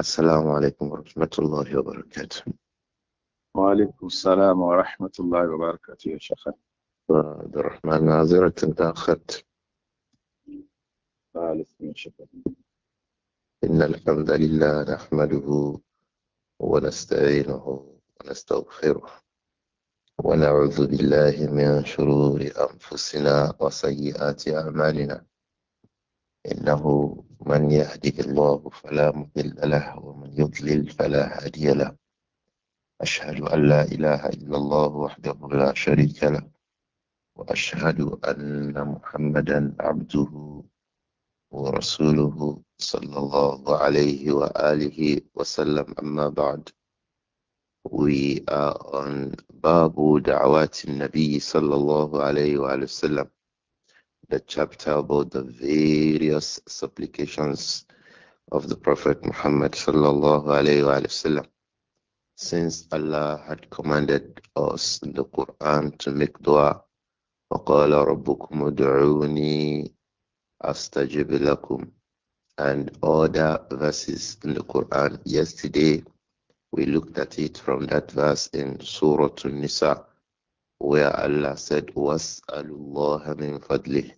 السلام عليكم ورحمة الله وبركاته وعليكم السلام ورحمة الله وبركاته يا شيخ عبد الرحمن ناظرة تأخرت خالص من شكر إن الحمد لله نحمده ونستعينه ونستغفره ونعوذ بالله من شرور أنفسنا وسيئات أعمالنا إنه من يهده الله فلا مضل له ومن يضلل فلا هادي له أشهد أن لا إله إلا الله وحده لا شريك له وأشهد أن محمدا عبده ورسوله صلى الله عليه وآله وسلم أما بعد We are on the chapter about the various supplications of the Prophet Muhammad sallallahu alayhi wa وسلم. since Allah had commanded us in the Quran to make dua وقال ربكم ادعوني astajib lakum and other verses in the Quran. Yesterday, we looked at it from that verse in Surah An-Nisa, where Allah said, "Was'alullaha min fadlih."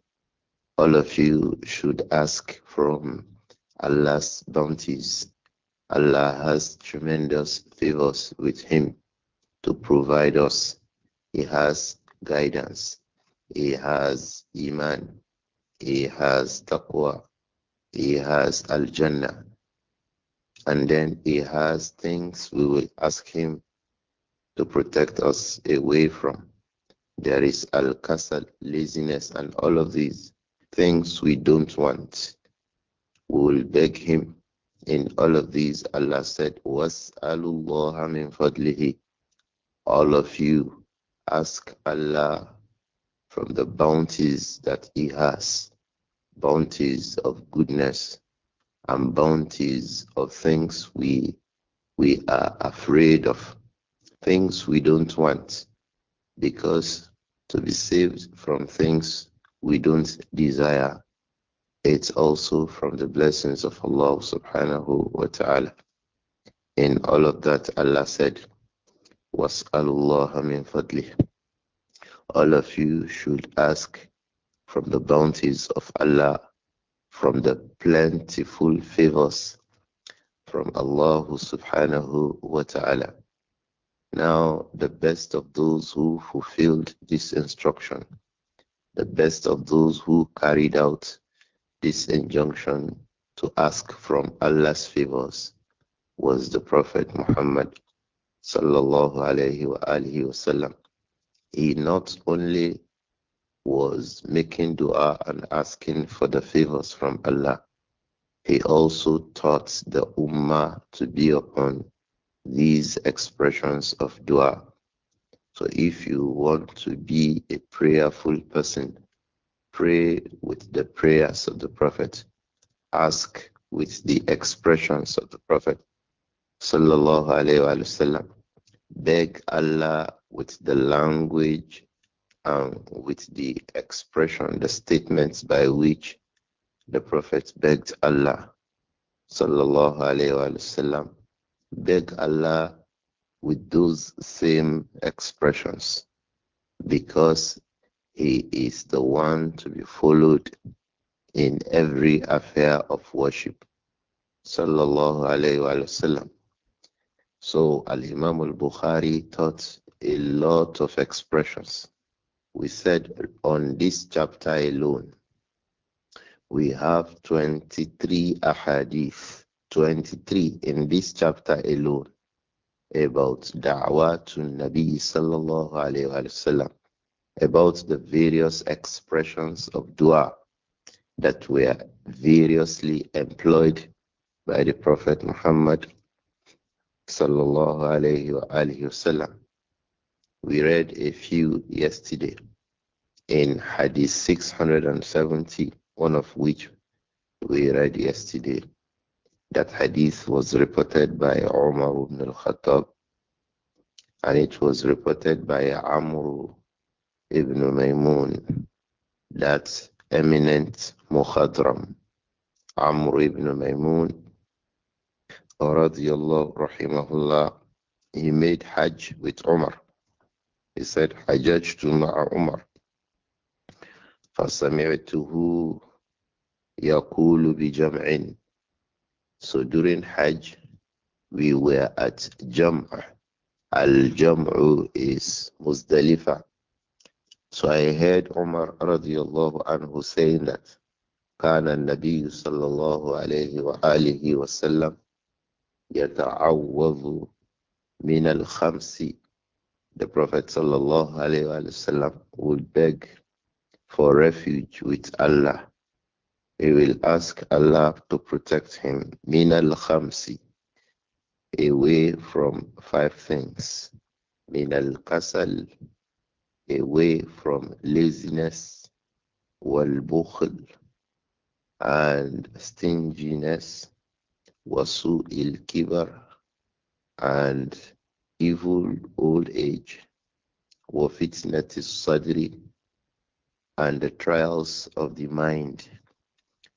All of you should ask from Allah's bounties. Allah has tremendous favors with Him to provide us. He has guidance. He has iman he has taqwa, he has al jannah, and then he has things we will ask him to protect us away from. There is al kasal, laziness, and all of these things we don't want. We will beg him in all of these. Allah said, "Was "Was'alullaha min fadlihi." All of you ask Allah from the bounties that He has bounties of goodness and bounties of things we we are afraid of things we don't want because to be saved from things we don't desire it's also from the blessings of Allah subhanahu wa ta'ala in all of that Allah said was Allah min fadlih all of you should ask from the bounties of Allah, from the plentiful favors from Allah subhanahu wa ta'ala. Now, the best of those who fulfilled this instruction, the best of those who carried out this injunction to ask from Allah's favors was the Prophet Muhammad sallallahu alayhi wa alihi he not only was making dua and asking for the favors from Allah, he also taught the Ummah to be upon these expressions of dua. So if you want to be a prayerful person, pray with the prayers of the Prophet, ask with the expressions of the Prophet. Sallallahu Alaihi Wasallam. Beg Allah with the language and with the expression, the statements by which the Prophet begged Allah, sallallahu alayhi wasallam, beg Allah with those same expressions, because He is the one to be followed in every affair of worship, sallallahu alayhi wasallam. So Al Imam al Bukhari taught a lot of expressions. We said on this chapter alone, we have 23 ahadith, 23 in this chapter alone about da'wah to Nabi sallallahu alayhi wa sallam, about the various expressions of dua that were variously employed by the Prophet Muhammad sallallahu alayhi wa alihi wasallam. We read a few yesterday in Hadith 670, one of which we read yesterday. That hadith was reported by Umar ibn al-Khattab and it was reported by Amr ibn Maymun, that eminent Mukhadram. Amr ibn Maymun radiallahu rahimahullah, he made Hajj with Umar. He said, Hajjaj to Ma'a Umar. فَسَمِعْتُهُ يَقُولُ بِجَمْعٍ So during Hajj, we were at Jam'ah. Al-Jam'u is Muzdalifah. So I heard Umar radiallahu anhu saying that كان النبي صلى الله عليه وآله وسلم يتعوض من khamsi the Prophet sallallahu alaihi wasallam would beg for refuge with Allah. He will ask Allah to protect him. Min al khamsi, away from five things. Min al kasal, away from laziness, wal bukhl, and stinginess, il kibar and evil old age wa fitnati sadri and the trials of the mind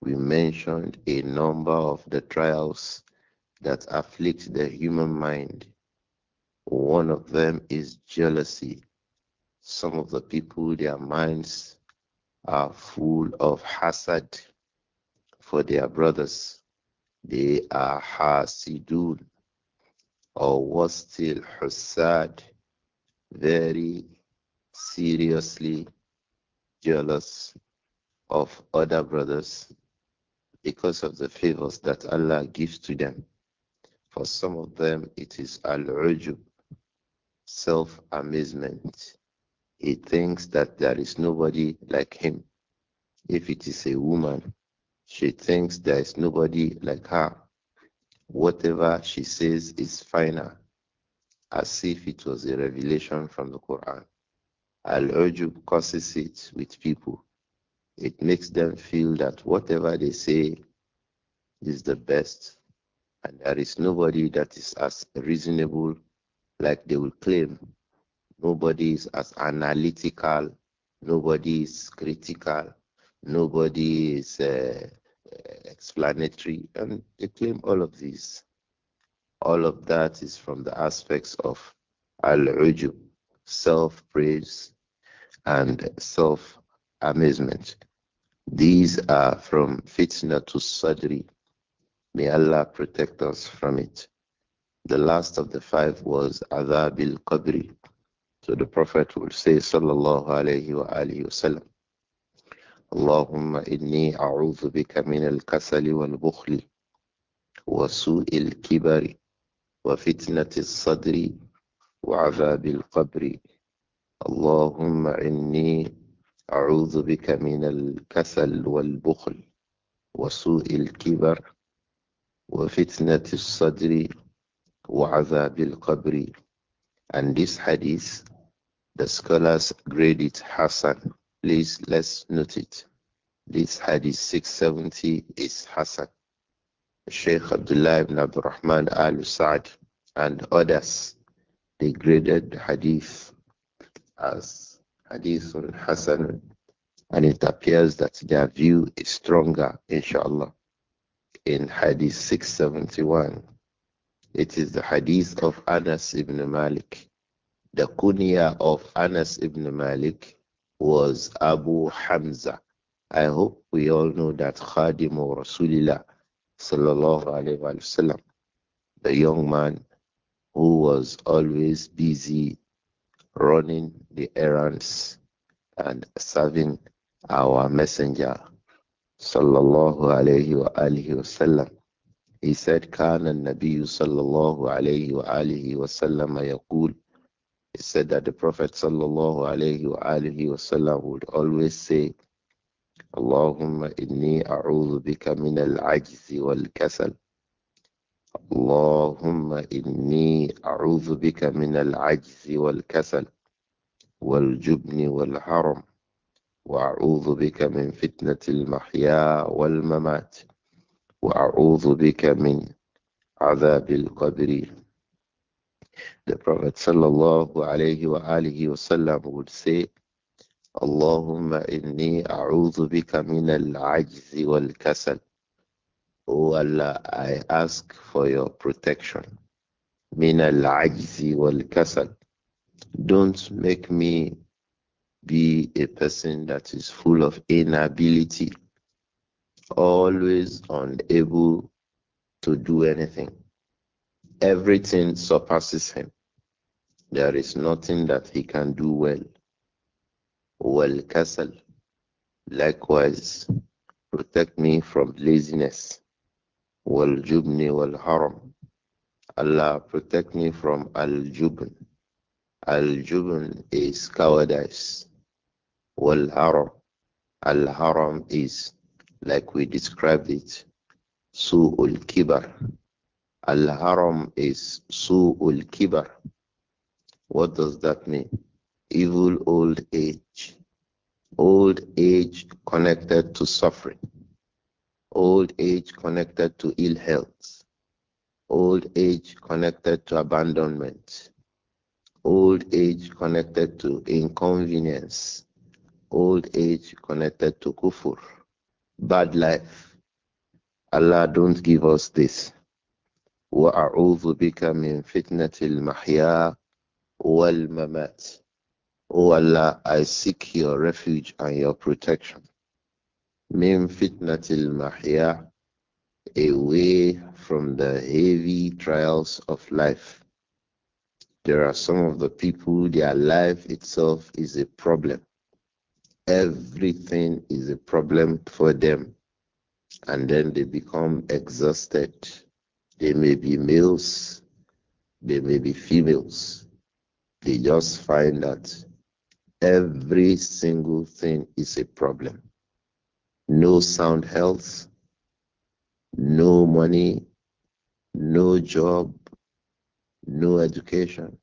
we mentioned a number of the trials that afflict the human mind one of them is jealousy some of the people their minds are full of hazard for their brothers they are hasidun, or was still husad, very seriously jealous of other brothers because of the favors that Allah gives to them. For some of them, it is al-ujub, self-amazement. He thinks that there is nobody like him. If it is a woman, she thinks there is nobody like her. Whatever she says is final, as if it was a revelation from the Quran. Al Ujub causes it with people. It makes them feel that whatever they say is the best, and there is nobody that is as reasonable like they will claim. Nobody is as analytical, nobody is critical, nobody is uh, explanatory, and they claim all of these. All of that is from the aspects of al-ujub, self-praise and self-amazement. These are from fitna to sadri. May Allah protect us from it. The last of the five was adabil qabri. So the Prophet would say, sallallahu alaihi wa alayhi wa sallam, اللهم إني أعوذ بك من الكسل والبخل وسوء الكبر وفتنة الصدر وعذاب القبر اللهم إني أعوذ بك من الكسل والبخل وسوء الكبر وفتنة الصدر وعذاب القبر and this hadith the scholars grade it Hassan Please let's note it. This hadith 670 is Hassan. Sheikh Abdullah ibn Abdul Rahman al Sa'd and others degraded hadith as hadith Hassan and it appears that their view is stronger, inshallah, in Hadith 671. It is the Hadith of Anas ibn Malik. The kunya of Anas ibn Malik was Abu Hamza. I hope we all know that Khadim or Rasulillah sallallahu Alaihi Wasallam, the young man who was always busy running the errands and serving our messenger sallallahu alayhi wa alihi He said, كان النبي صلى الله عليه وسلم يقول he said that the Prophet sallam would always say, Allahumma inni a'udhu bika min al-ajzi wal-kasal. Allahumma inni a'udhu bika min al-ajzi wal-kasal wal-jubni wal-haram وأعوذ بك من فتنة المحيا والممات وأعوذ بك من عذاب القبر the Prophet sallallahu alayhi wa alihi wasallam would say, Allahumma inni a'udhu bika min al-ajzi wal-kasal. O Allah, I ask for your protection. Min al-ajzi wal-kasal. Don't make me be a person that is full of inability, always unable to do anything everything surpasses him. There is nothing that he can do well. Well, castle. Likewise, protect me from laziness. Well, jubni well, haram. Allah protect me from al jubn. Al jubn is cowardice. Well, haram. Al haram is, like we described it, ul kibar Al-haram is su'ul kibar. What does that mean? Evil old age. Old age connected to suffering. Old age connected to ill health. Old age connected to abandonment. Old age connected to inconvenience. Old age connected to kufur. Bad life. Allah don't give us this. وأعوذ بك من فتنة المحيا والممات O oh Allah, I seek your refuge and your protection. Min fitnatil mahya, away from the heavy trials of life. There are some of the people, their life itself is a problem. Everything is a problem for them. And then they become exhausted they may be males, they may be females. They just find that every single thing is a problem. No sound health, no money, no job, no education,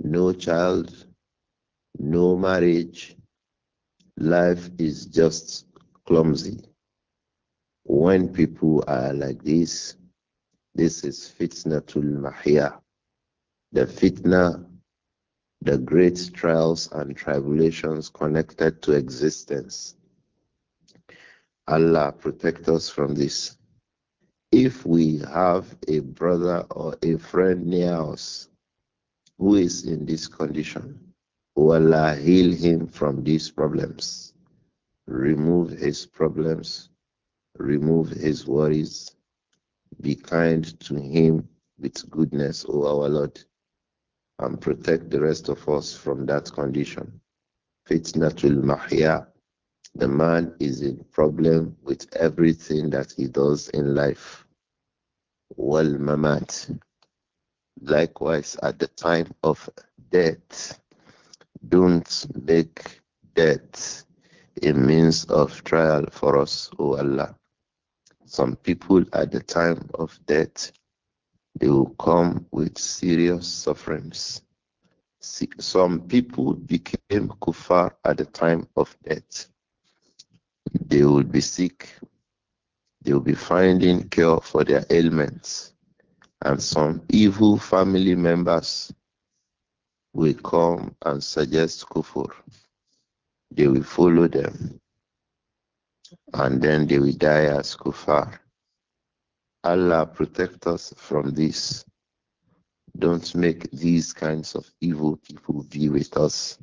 no child, no marriage. Life is just clumsy. When people are like this, this is fitna tul mahya. The fitna, the great trials and tribulations connected to existence. Allah protect us from this. If we have a brother or a friend near us who is in this condition, oh Allah heal him from these problems, remove his problems, remove his worries, be kind to him with goodness, O our Lord, and protect the rest of us from that condition. Fitnatul Mahya. The man is in problem with everything that he does in life. Wal Mamat. Likewise, at the time of death, don't make death a means of trial for us, O Allah. Some people at the time of death, they will come with serious sufferings. Some people became kuffar at the time of death. They will be sick. They will be finding cure for their ailments. And some evil family members will come and suggest kufur. They will follow them and then they will die as kufar. Allah protect us from this. Don't make these kinds of evil people be with us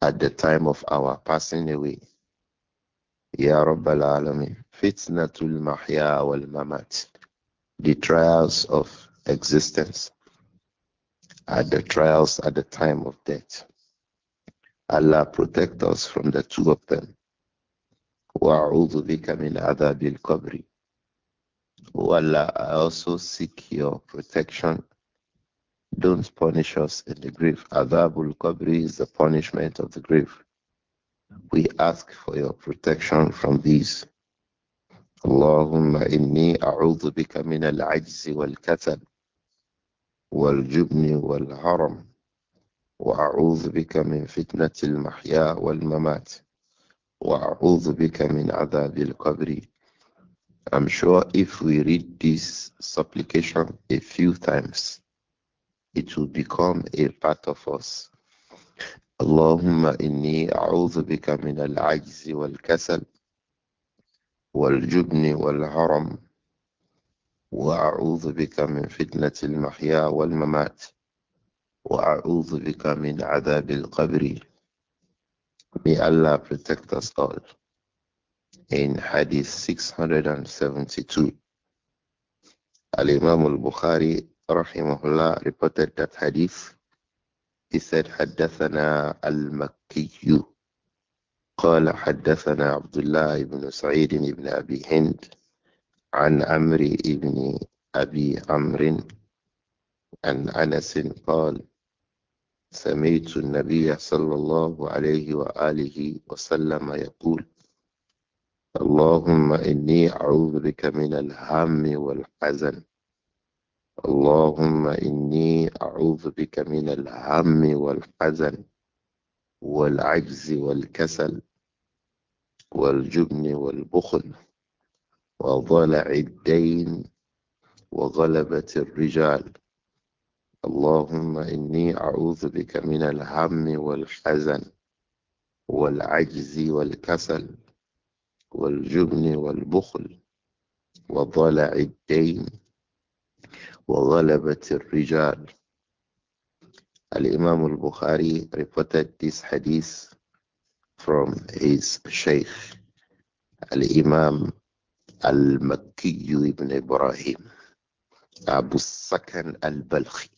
at the time of our passing away. Ya Rabbal Alamin. Fitnatul Mahya wal Mamat. The trials of existence are the trials at the time of death. Allah protect us from the two of them. وأعوذ بك من عذاب القبر ولا I also seek your protection. Don't punish us in the grave. عذاب القبر is the punishment of the grave. We ask for your protection from these. اللهم إني أعوذ بك من العجز والكسل والجبن والهرم وأعوذ بك من فتنة المحيا والممات وَأَعُوذُ بِكَ مِنْ عَذَابِ الْقَبْرِ I'm sure if we read this supplication a few times, it will become a part of us. اللهم إني أعوذ بك من العجز والكسل والجبن والهرم وأعوذ بك من فتنة المحيا والممات وأعوذ بك من عذاب القبر May Allah protect us all. In Hadith 672, Al Imam al Bukhari rahimahullah reported that hadith. He said, حدثنا المكي قال حدثنا عبد الله بن سعيد بن أبي هند عن عمرو بن أبي عمرو عن أنس قال سمعت النبي صلى الله عليه وآله وسلم يقول اللهم إني أعوذ بك من الهم والحزن اللهم إني أعوذ بك من الهم والحزن والعجز والكسل والجبن والبخل وضلع الدين وغلبة الرجال اللهم إني أعوذ بك من الهم والحزن والعجز والكسل والجبن والبخل وضلع الدين وغلبة الرجال الإمام البخاري reported this hadith from his Shaykh الإمام المكي ابن إبراهيم أبو السكن البلخي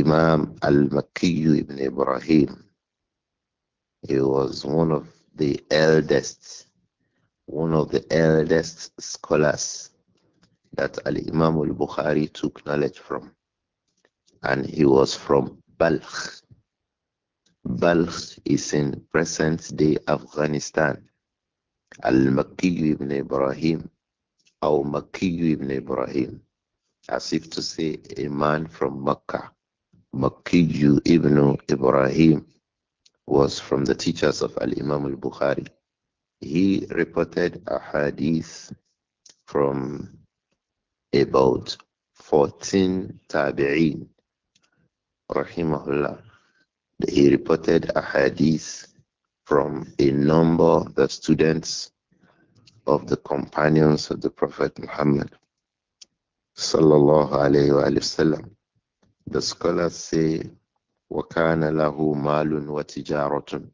Imam al-Makki ibn Ibrahim. He was one of the eldest, one of the eldest scholars that Al-Imam al-Bukhari took knowledge from. And he was from Balkh. Balkh is in present-day Afghanistan. Al-Makki ibn Ibrahim, or Makki ibn Ibrahim, as if to say a man from Makkah. Makiju ibn Ibrahim was from the teachers of Al Imam al Bukhari. He reported a hadith from about 14 Tabi'in, rahimahullah. He reported a hadith from a number of the students of the companions of the Prophet Muhammad sallallahu alayhi wa sallam. The scholars say, وَكَانَ لَهُ مَالٌ وَتِجَارَةٌ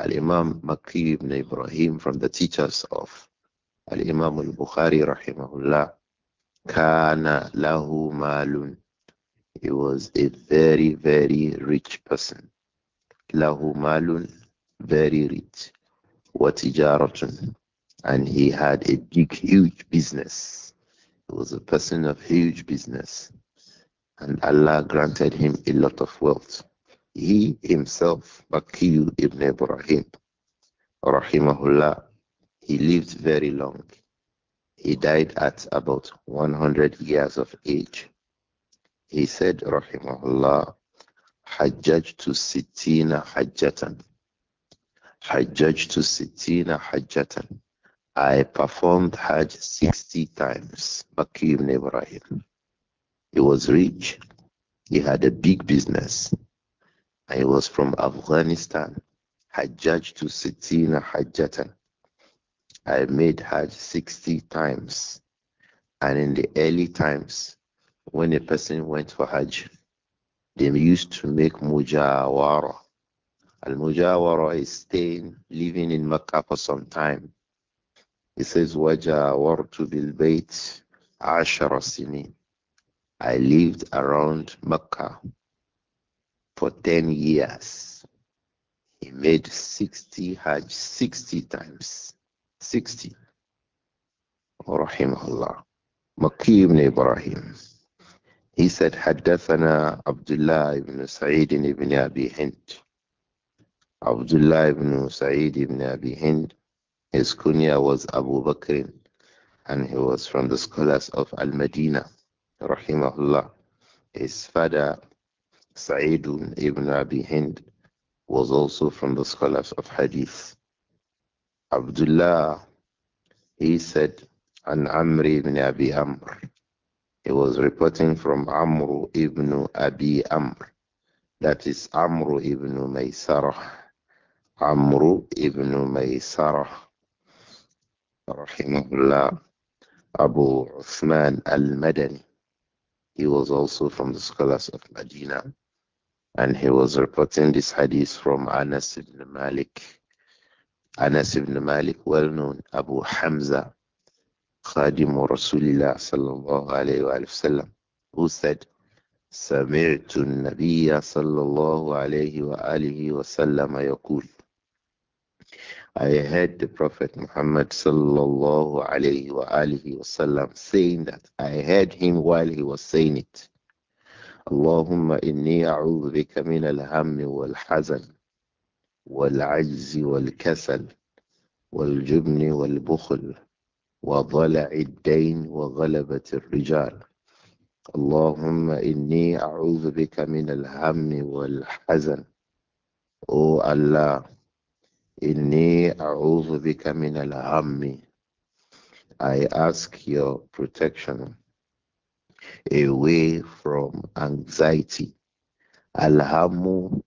Al-Imam Makki ibn Ibrahim from the teachers of Al-Imam al-Bukhari rahimahullah kana lahu malun he was a very very rich person lahu malun very rich wa tijaratun and he had a big huge business he was a person of huge business and Allah granted him a lot of wealth. He himself, Bakir ibn Ibrahim, rahimahullah, he lived very long. He died at about 100 years of age. He said, rahimahullah, Hajjaj to Sitina Hajjatan. Hajjaj to Sitina Hajjatan. I performed Hajj 60 times. Bakir ibn Ibrahim. He was rich. He had a big business. And he was from Afghanistan. Hajjaj to Sitina Hajjatan. I made Hajj 60 times. And in the early times, when a person went for Hajj, they used to make mujawara. Al mujawara is staying, living in Mecca for some time. He says, to بِالْبَيْتِ عَشَرَ سِنِينَ I lived around Mecca for 10 years. He made 60 Hajj 60 times. 60. Rahimahullah. Maki ibn Ibrahim. He said, حدثنا Abdullah ibn Sa'id ibn Abi Hind. Abdullah ibn Sa'id ibn Abi Hind. His kunya was Abu Bakr, and he was from the scholars of Al Madinah rahimahullah, his father, Sa'id ibn Abi Hind, was also from the scholars of Hadith. Abdullah, he said, an Amr ibn Abi Amr. He was reporting from Amr ibn Abi Amr. That is Amr ibn Maysarah. Amr ibn Maysarah. Rahimahullah. Abu Uthman al-Madani. He was also from the scholars of Medina, and he was reporting this hadith from Anas ibn Malik. Anas ibn Malik, well known, Abu Hamza, Khadim Rasulillah sallallahu alayhi wa sallam, who said, سمعت النبي صلى الله عليه وآله وسلم يقول I heard the Prophet Muhammad sallallahu alayhi wa alihi wasallam saying that. I heard him while he was saying it. Allahumma inni a'udhu bika min al-hammi wal-hazan wal-ajzi wal-kasal wal-jubni wal-bukhul وضلع الدين وغلبة الرجال اللهم إني أعوذ بك من الهم والحزن O Allah Inni a'udhu bika min al-hammi. I ask your protection away from anxiety. Alhamu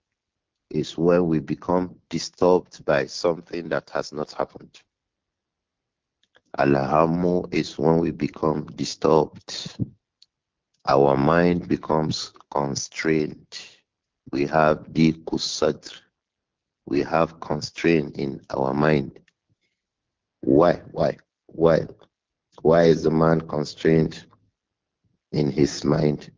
is when we become disturbed by something that has not happened. Alhamu is when we become disturbed. Our mind becomes constrained. We have the kusadr we have constraint in our mind. Why? Why? Why? Why is the man constrained in his mind?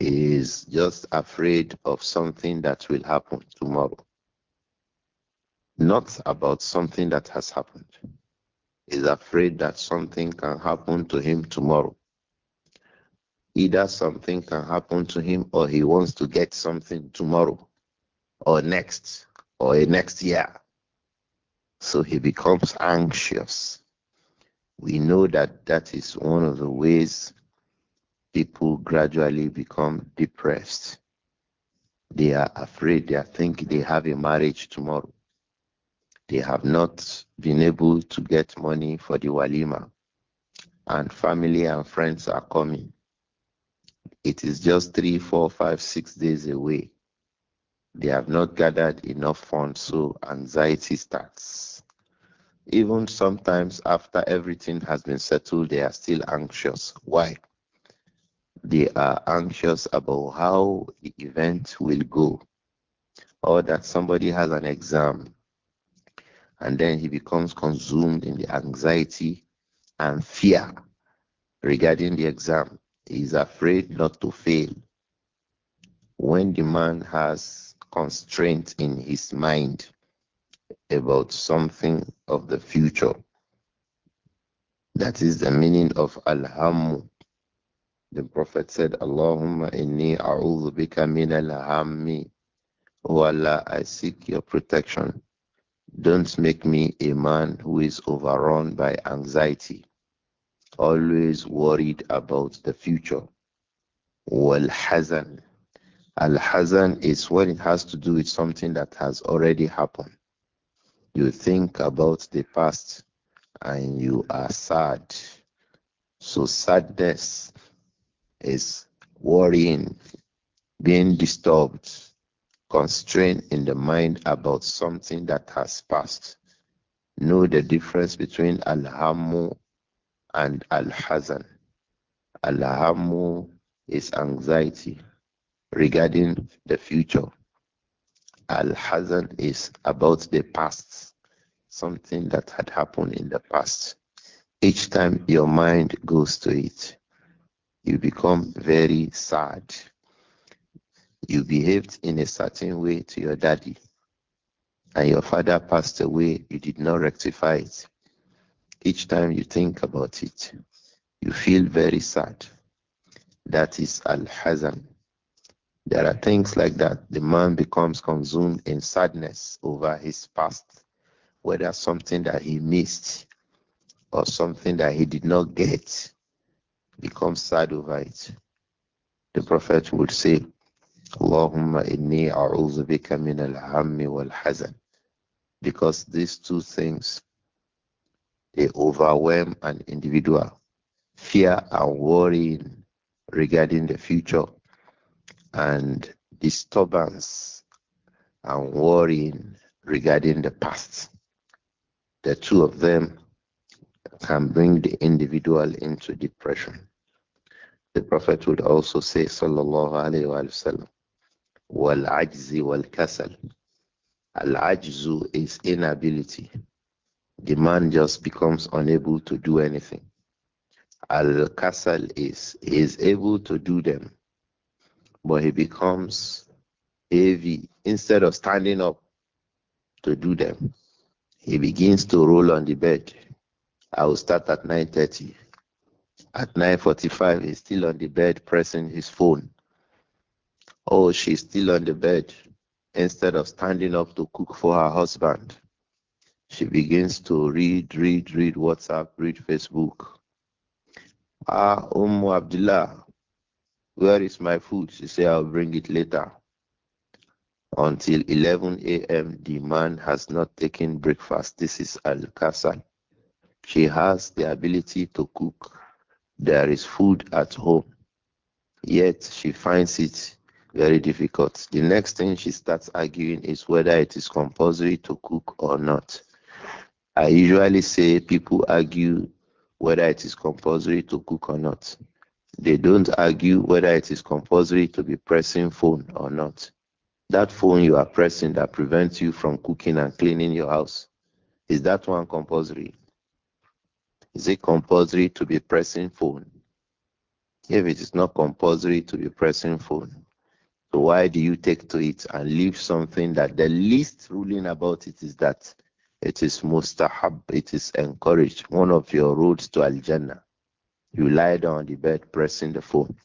He is just afraid of something that will happen tomorrow, not about something that has happened. Is afraid that something can happen to him tomorrow. Either something can happen to him or he wants to get something tomorrow or next or a next year. So he becomes anxious. We know that that is one of the ways people gradually become depressed. They are afraid, they think they have a marriage tomorrow. They have not been able to get money for the walima, and family and friends are coming. It is just three, four, five, six days away they have not gathered enough funds, so anxiety starts. Even sometimes after everything has been settled, they are still anxious. Why? They are anxious about how the event will go, or that somebody has an exam, and then he becomes consumed in the anxiety and fear regarding the exam. He is afraid not to fail. When the man has constraint in his mind about something of the future. That is the meaning of Alhamu. The Prophet said, Allahumma inni a'udhu bika min alhammi, hammi Oh Allah, I seek your protection. Don't make me a man who is overrun by anxiety, always worried about the future. Wal hazan. Al Hazan is when it has to do with something that has already happened. You think about the past and you are sad. So sadness is worrying, being disturbed, constrained in the mind about something that has passed. Know the difference between al-hamu and al-hazan. Al-hamu is anxiety regarding the future. Al Hazan is about the past, something that had happened in the past. Each time your mind goes to it, you become very sad. You behaved in a certain way to your daddy, and your father passed away, you did not rectify it. Each time you think about it, you feel very sad. That is Al Hazan. There are things like that. The man becomes consumed in sadness over his past, whether something that he missed or something that he did not get, becomes sad over it. The Prophet would say, Allahumma inni a'udhu bika min al-hammi wal-hazan. Because these two things, they overwhelm an individual. Fear and worrying regarding the future and disturbance and worrying regarding the past. The two of them can bring the individual into depression. The Prophet would also say, Sallallahu Alaihi Wasallam, wa Wal Ajzi Wal Kasal. Al Ajzu is inability. The man just becomes unable to do anything. Al Kasal is, is able to do them, but he becomes heavy. Instead of standing up to do them, he begins to roll on the bed. I will start at 9.30. At 9.45, he's still on the bed pressing his phone. Oh, she's still on the bed. Instead of standing up to cook for her husband, she begins to read, read, read WhatsApp, read Facebook. Ah, Umm Abdullah, where is my food? She said, I'll bring it later. Until 11 a.m., the man has not taken breakfast. This is Al Kasal. She has the ability to cook. There is food at home. Yet she finds it very difficult. The next thing she starts arguing is whether it is compulsory to cook or not. I usually say people argue whether it is compulsory to cook or not they don't argue whether it is compulsory to be pressing phone or not. That phone you are pressing that prevents you from cooking and cleaning your house, is that one compulsory? Is it compulsory to be pressing phone? If it is not compulsory to be pressing phone, so why do you take to it and leave something that the least ruling about it is that it is mustahab, it is encouraged, one of your roads to Al Jannah. You lie down on the bed pressing the phone.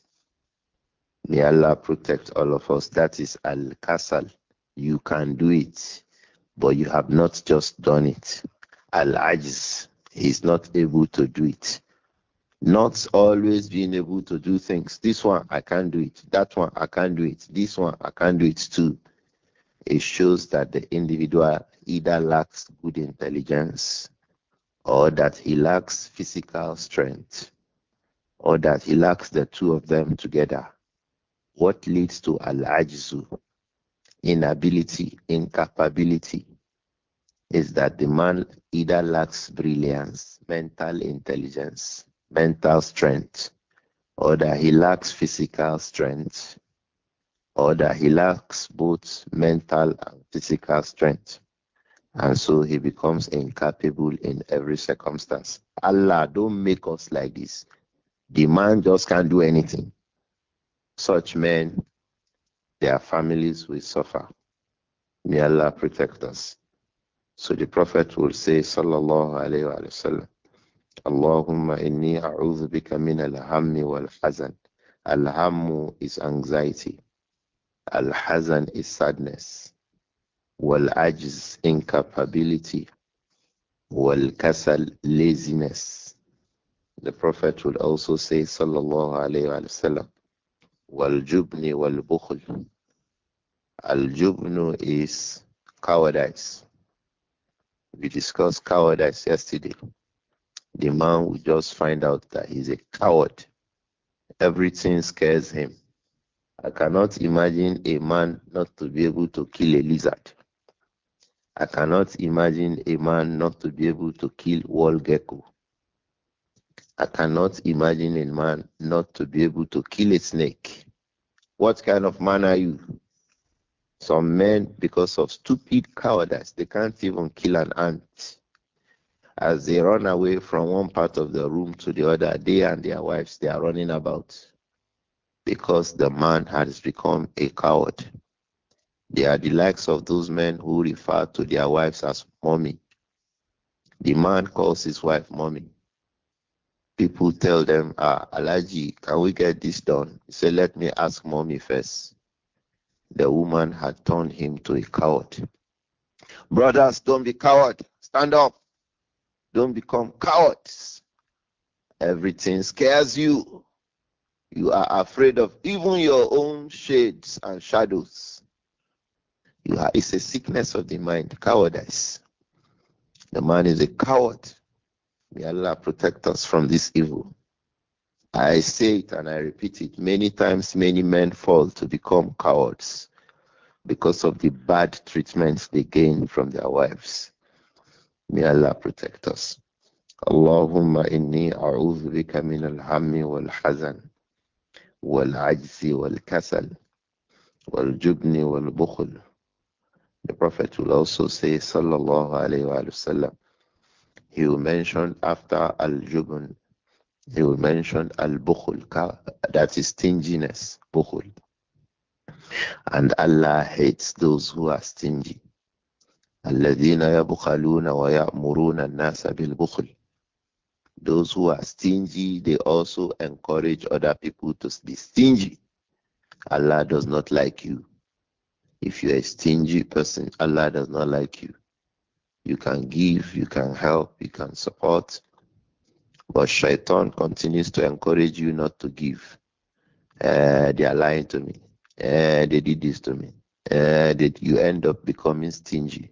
May Allah protect all of us. That is Al Kasal. You can do it, but you have not just done it. Al Ajiz is not able to do it. Not always being able to do things. This one, I can't do it. That one, I can't do it. This one, I can't do it too. It shows that the individual either lacks good intelligence or that he lacks physical strength or that he lacks the two of them together. What leads to al ajzu, inability, incapability, is that the man either lacks brilliance, mental intelligence, mental strength, or that he lacks physical strength, or that he lacks both mental and physical strength. And so he becomes incapable in every circumstance. Allah, don't make us like this. The man just can't do anything. Such men, their families will suffer. May Allah protect us. So the Prophet will say, Sallallahu Alaihi Wasallam, Allahumma inni a'udhu bika min al-hammi wal-hazan. Al-hammu is anxiety. Al-hazan is sadness. Wal-ajz, incapability. Wal-kasal, laziness. The Prophet would also say, Sallallahu Alaihi Wasallam, Wal Jubni Wal Bukhul. Al Jubnu is cowardice. We discussed cowardice yesterday. The man will just find out that he's a coward. Everything scares him. I cannot imagine a man not to be able to kill a lizard. I cannot imagine a man not to be able to kill wall gecko. I cannot imagine a man not to be able to kill a snake. What kind of man are you? Some men, because of stupid cowardice, they can't even kill an ant. As they run away from one part of the room to the other, they and their wives, they are running about because the man has become a coward. They are the likes of those men who refer to their wives as mommy. The man calls his wife mommy people tell them, ah, Alaji, can we get this done? He said, let me ask mommy first. The woman had turned him to a coward. Brothers, don't be coward. Stand up. Don't become cowards. Everything scares you. You are afraid of even your own shades and shadows. Are, it's a sickness of the mind, cowardice. The man is a coward. May Allah protect us from this evil. I say it and I repeat it many times, many men fall to become cowards because of the bad treatment they gain from their wives. May Allah protect us. Allahumma inni a'udhu bika min al-hammi wal-hazan wal-ajzi wal-kasal wal-jubni wal-bukhul. The Prophet will also say, sallallahu alayhi wa sallam, he will mention after al-jubun, he will mention al-bukhul, that is stinginess, bukhul. And Allah hates those who are stingy. الذين يبخلون ويأمرون الناس بالبخل those who are stingy, they also encourage other people to be stingy. Allah does not like you. If you're a stingy person, Allah does not like you. You can give, you can help, you can support. But shaitan continues to encourage you not to give. Uh, they are lying to me. Uh, they did this to me. Uh, eh, that you end up becoming stingy.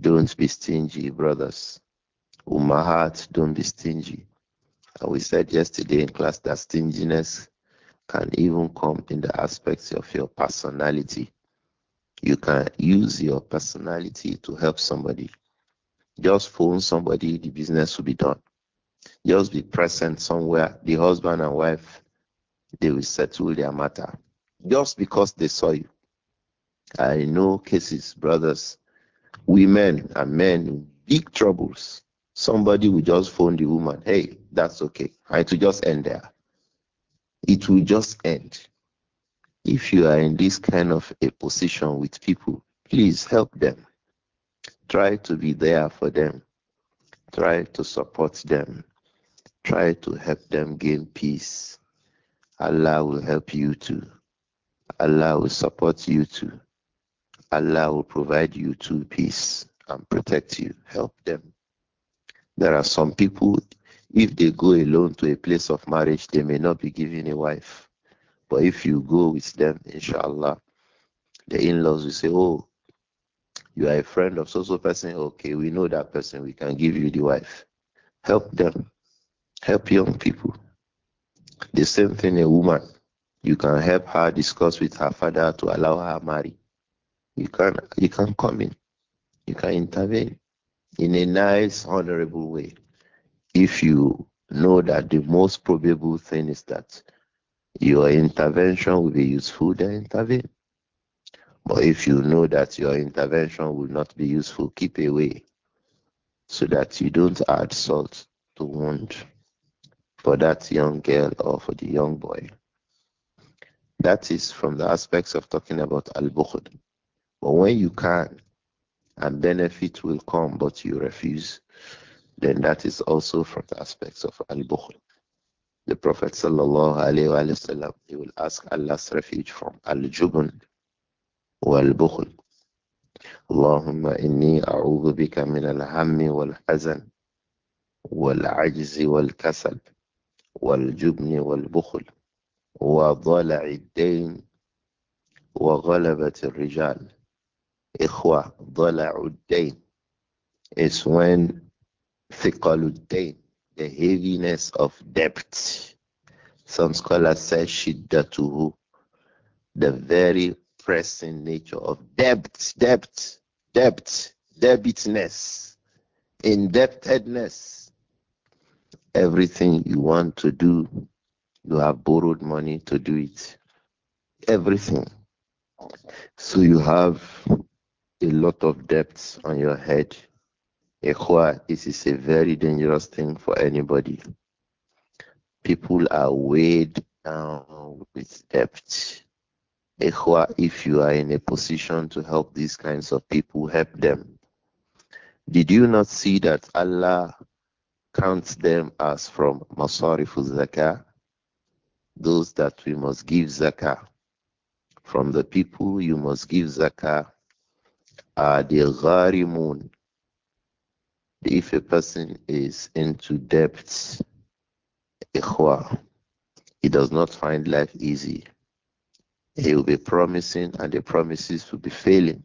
Don't be stingy, brothers. Umahat, don't be stingy. And we said yesterday in class that stinginess can even come in the aspects of your personality. You can use your personality to help somebody. Just phone somebody, the business will be done. Just be present somewhere. The husband and wife, they will settle their matter just because they saw you. I know cases, brothers, women and men in big troubles. Somebody will just phone the woman, hey, that's okay. I to will just end there. It will just end. If you are in this kind of a position with people, please help them. Try to be there for them. Try to support them. Try to help them gain peace. Allah will help you too. Allah will support you too. Allah will provide you too peace and protect you. Help them. There are some people, if they go alone to a place of marriage, they may not be given a wife. But if you go with them, inshallah, the in laws will say, Oh, you are a friend of so so person. Okay, we know that person. We can give you the wife. Help them. Help young people. The same thing a woman. You can help her discuss with her father to allow her marry. You can you can come in. You can intervene in a nice, honorable way. If you know that the most probable thing is that your intervention will be useful, then intervene. But if you know that your intervention will not be useful, keep away so that you don't add salt to wound for that young girl or for the young boy. That is from the aspects of talking about al bukhd But when you can and benefit will come, but you refuse, then that is also from the aspects of al bukhd the Prophet وسلم, he will ask Allah's refuge from al-jubn wal-bukhl. اللهم إني أعوذ بك من al-hammi wal-hazan والجبن والبخل wal الدين وغلبة الرجال. إخوة bukhl wa wa al is when thiqalu ad the heaviness of debt. Some scholars say shiddatuhu, the very pressing nature of debt, debt, debt, debitness, indebtedness. Everything you want to do, you have borrowed money to do it. Everything. So you have a lot of debts on your head Ikhwa, this is a very dangerous thing for anybody. People are weighed down with debt. Ikhwa, if you are in a position to help these kinds of people, help them. Did you not see that Allah counts them as from Masarifu Zakah? Those that we must give Zakah. From the people you must give Zakah are the Gharimun, if a person is into debts, he does not find life easy. He will be promising, and the promises will be failing.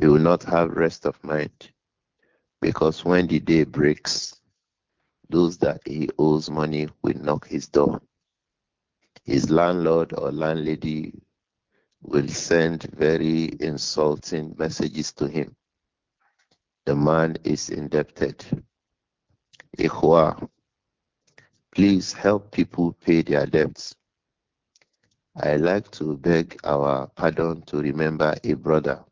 He will not have rest of mind because when the day breaks, those that he owes money will knock his door. His landlord or landlady will send very insulting messages to him the man is indebted. Ikhwa, please help people pay their debts. I like to beg our pardon to remember a brother.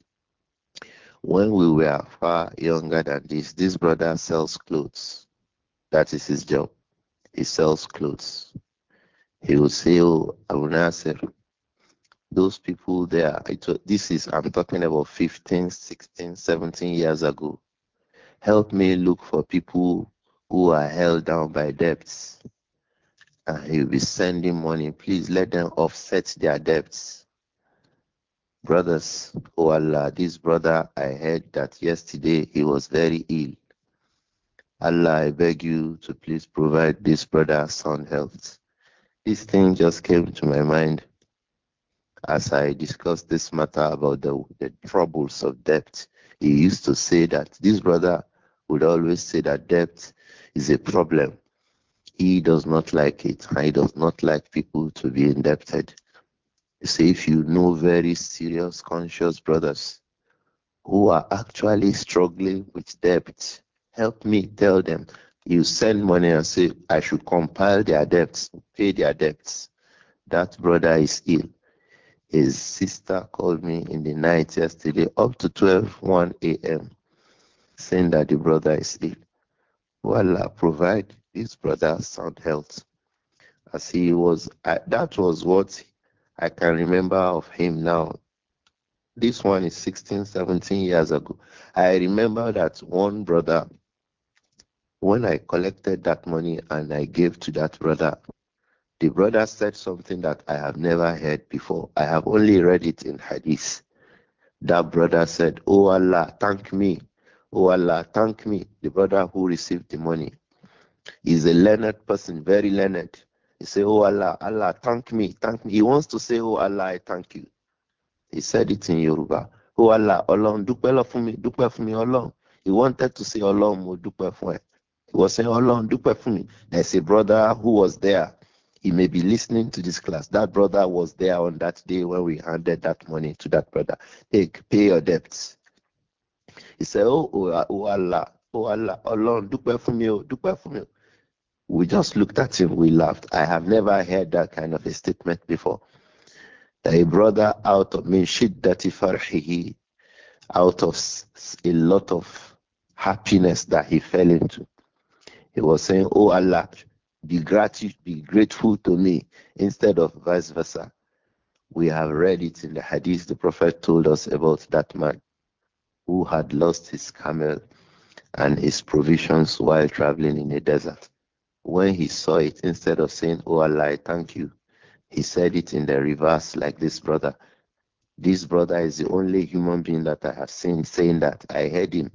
When we were far younger than this, this brother sells clothes. That is his job. He sells clothes. He will say, Oh, Abu those people there, it, this is, I'm talking about 15, 16, 17 years ago. Help me look for people who are held down by debts. And he'll be sending money. Please let them offset their debts. Brothers, oh Allah, this brother, I heard that yesterday he was very ill. Allah, I beg you to please provide this brother sound health. This thing just came to my mind as I discussed this matter about the, the troubles of debt, he used to say that this brother would always say that debt is a problem. He does not like it, and he does not like people to be indebted. So if you know very serious, conscious brothers who are actually struggling with debt, help me tell them. You send money and say, I should compile their debts, pay their debts. That brother is ill his sister called me in the night yesterday up to 12, 1 a.m., saying that the brother is ill. Well, provide this brother sound health. As he was, that was what I can remember of him now. This one is 16, 17 years ago. I remember that one brother, when I collected that money and I gave to that brother, the brother said something that I have never heard before. I have only read it in hadith. That brother said, Oh Allah, thank me. Oh Allah, thank me. The brother who received the money is a learned person, very learned. He said, Oh Allah, Allah, thank me, thank me. He wants to say, Oh Allah, I thank you. He said it in Yoruba. Oh Allah, well for me, do well for me, Allah. He wanted to say, "Allah, do well for me." He was saying, do well for me." There's a brother who was there he may be listening to this class. That brother was there on that day when we handed that money to that brother. Take, pay your debts. He said, Oh, oh, ah, oh Allah, oh Allah, Allah, do fún for me, do fún for me. We just looked at him, we laughed. I have never heard that kind of a statement before. That a brother out of min farhihi, out of a lot of happiness that he fell into, he was saying, Oh Allah, be, be grateful to me instead of vice versa. We have read it in the hadith the Prophet told us about that man who had lost his camel and his provisions while traveling in the desert. When he saw it, instead of saying, Oh Allah, thank you, he said it in the reverse, like this brother. This brother is the only human being that I have seen saying that I heard him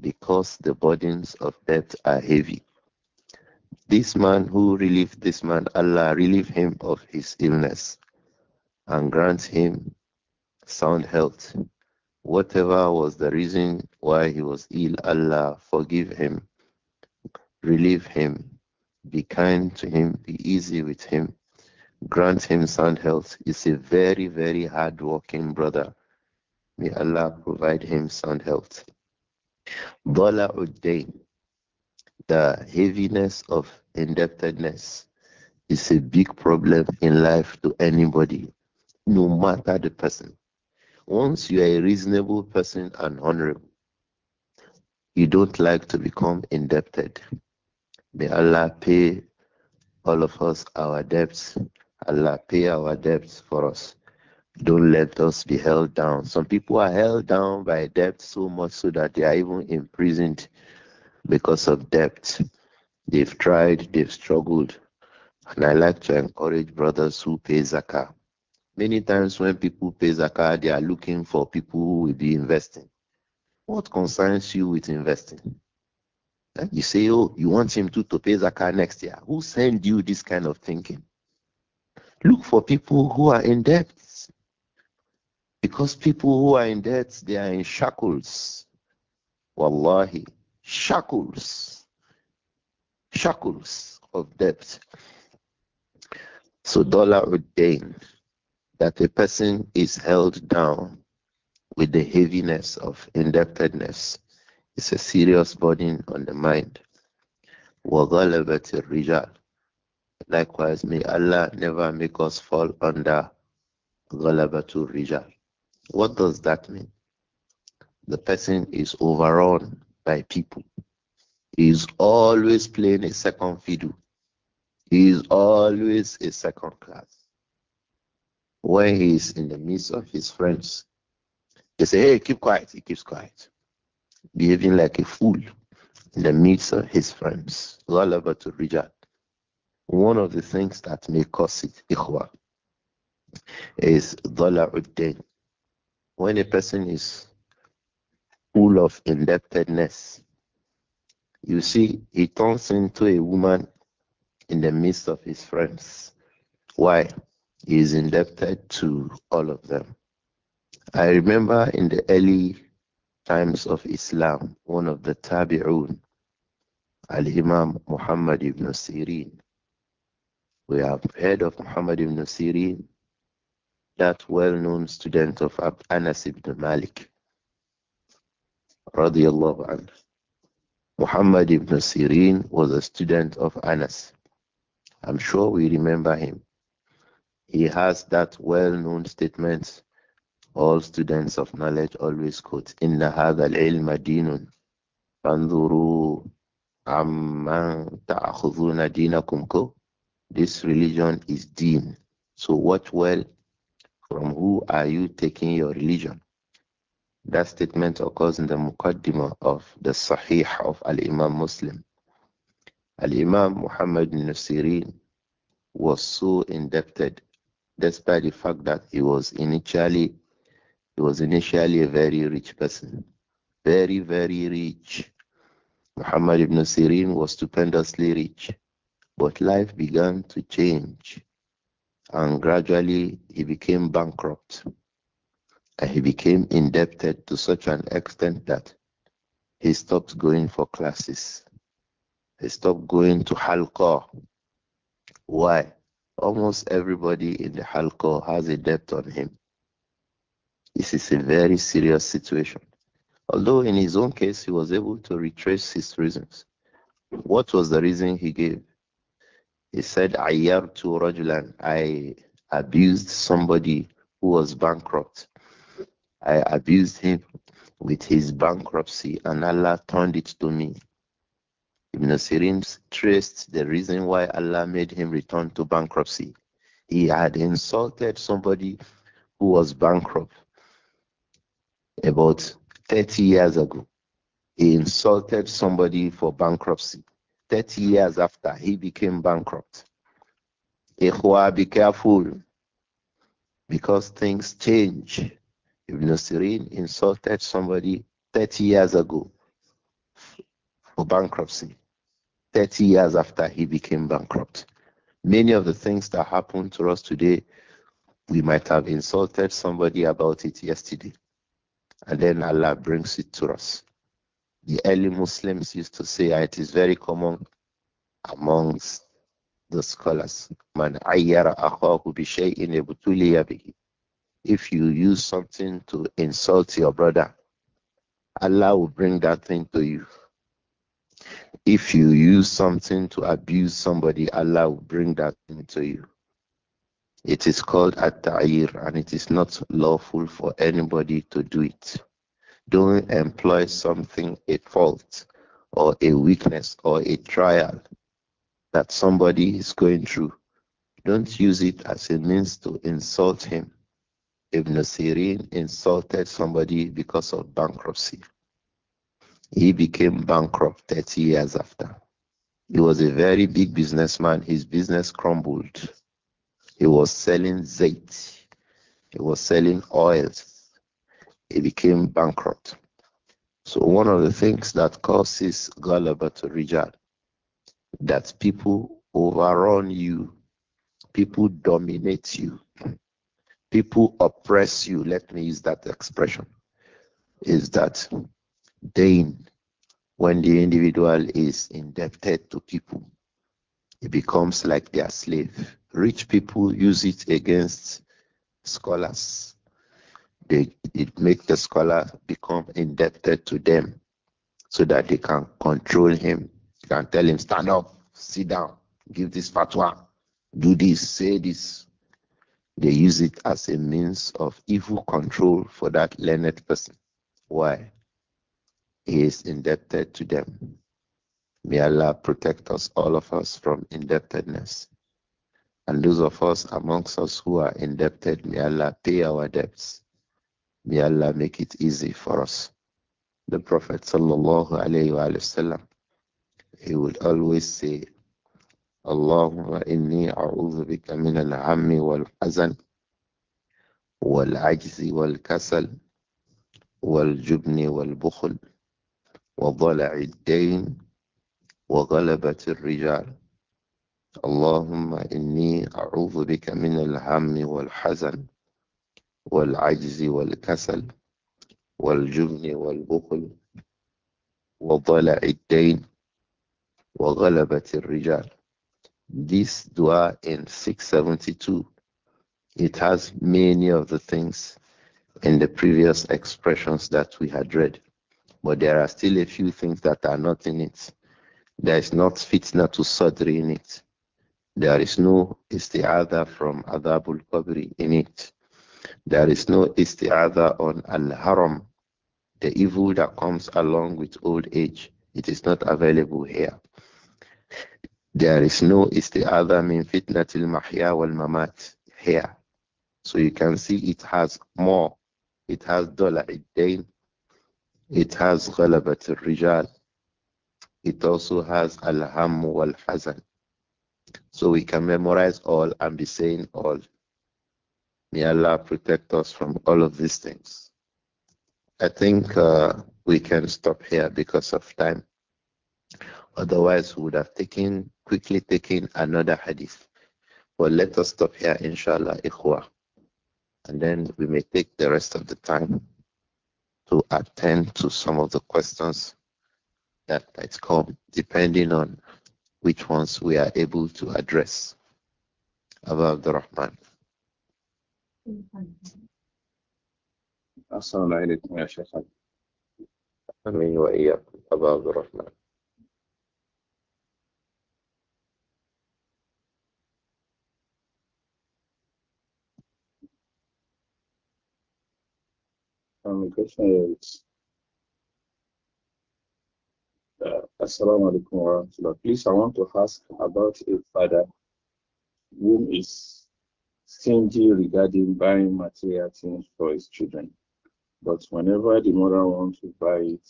because the burdens of debt are heavy. This man who relieved this man, Allah relieve him of his illness and grant him sound health. Whatever was the reason why he was ill, Allah forgive him, relieve him, be kind to him, be easy with him, grant him sound health. He's a very, very hard working brother. May Allah provide him sound health. Dollar a the heaviness of indebtedness is a big problem in life to anybody, no matter the person. Once you are a reasonable person and honorable, you don't like to become indebted. May Allah pay all of us our debts. Allah pay our debts for us. Don't let us be held down. Some people are held down by debt so much so that they are even imprisoned because of debt. They've tried, they've struggled. And I like to encourage brothers who pay zakah. Many times when people pay zakah, they are looking for people who will be investing. What concerns you with investing? you say, oh, you want him to, to pay zakah next year. Who send you this kind of thinking? Look for people who are in debt. Because people who are in debt, they are in shackles. Wallahi, shackles, shackles of debt. So dollar ordained that a person is held down with the heaviness of indebtedness is a serious burden on the mind. Likewise, may Allah never make us fall under Ghalabatul Rijal. What does that mean? The person is overrun by people. He is always playing a second fiddle. He is always a second class. When he is in the midst of his friends, they say, Hey, keep quiet. He keeps quiet, behaving like a fool in the midst of his friends. over to Rijal. One of the things that may cause it, ikhwa, is dhala'uddin. When a person is full of indebtedness. You see, he turns into a woman in the midst of his friends. Why? He is indebted to all of them. I remember in the early times of Islam, one of the Tabi'un, Al Imam Muhammad ibn Sirin. We have heard of Muhammad ibn Sirin, that well known student of Anas ibn Malik radiallahu anhu. Muhammad ibn Sirin was a student of Anas. I'm sure we remember him. He has that well-known statement, all students of knowledge always quote, Inna hadha al-ilma dinun, fanduru amman ta'akhuduna dinakum ko. This religion is deen. So watch well from who are you taking your religion? That statement occurs in the Muqaddimah of the Sahih of Al Imam Muslim. Al Imam Muhammad Ibn Sirin was so indebted, despite the fact that he was initially he was initially a very rich person, very very rich. Muhammad ibn Sirin was stupendously rich, but life began to change, and gradually he became bankrupt. And he became indebted to such an extent that he stopped going for classes. He stopped going to Halqa. Why? Almost everybody in the Halqa has a debt on him. This is a very serious situation. Although in his own case, he was able to retrace his reasons. What was the reason he gave? He said, yelled to Rajulan, I abused somebody who was bankrupt. I abused him with his bankruptcy, and Allah turned it to me. Ibn Sirin traced the reason why Allah made him return to bankruptcy. He had insulted somebody who was bankrupt about 30 years ago. He insulted somebody for bankruptcy. 30 years after, he became bankrupt. Ikhwa, be careful because things change. Ibn Sirin insulted somebody 30 years ago for bankruptcy, 30 years after he became bankrupt. Many of the things that happen to us today, we might have insulted somebody about it yesterday, and then Allah brings it to us. The early Muslims used to say, and it is very common amongst the scholars, Man ayyara akhahu bi shay'in bihi if you use something to insult your brother, Allah will bring that thing to you. If you use something to abuse somebody, Allah will bring that thing to you. It is called at-ta'ir and it is not lawful for anybody to do it. Don't employ something a fault or a weakness or a trial that somebody is going through. Don't use it as a means to insult him Ibn Sirin insulted somebody because of bankruptcy. He became bankrupt 30 years after. He was a very big businessman. His business crumbled. He was selling zait. He was selling oils. He became bankrupt. So one of the things that causes Galaba to reject that people overrun you, people dominate you, people oppress you, let me use that expression, is that then when the individual is indebted to people, it becomes like their slave. Rich people use it against scholars. They, it makes the scholar become indebted to them so that they can control him, they can tell him, stand up, sit down, give this fatwa, do this, say this, they use it as a means of evil control for that learned person. Why? He is indebted to them. May Allah protect us, all of us, from indebtedness. And those of us amongst us who are indebted, may Allah pay our debts. May Allah make it easy for us. The Prophet sallallahu alayhi wasallam, he would always say, اللهم إني أعوذ بك من الهم والحزن والعجز والكسل والجبن والبخل وضلع الدين وغلبة الرجال اللهم إني أعوذ بك من الهم والحزن والعجز والكسل والجبن والبخل وضلع الدين وغلبة الرجال This dua in 672, it has many of the things in the previous expressions that we had read, but there are still a few things that are not in it. There is not fitna to sadri in it. There is no isti'adha from adabul qabri in it. There is no isti'adha on al-haram, the evil that comes along with old age. It is not available here. There is no isti'adha min fitnatil mahya wal mamat here. So you can see it has more. It has dollar dain. It has ghalabat rijal. It also has alham wal hazan. So we can memorize all and be saying all. May Allah protect us from all of these things. I think uh, we can stop here because of time. Otherwise, we would have taken quickly taken another hadith. But let us stop here, inshallah, ikhwa. And then we may take the rest of the time to attend to some of the questions that might come, depending on which ones we are able to address. About the Rahman. السلام عليكم the question is, uh, Assalamu alaikum wa rahmatullah. Please, I want to ask about a father whom is stingy regarding buying material things for his children. But whenever the mother wants to buy it,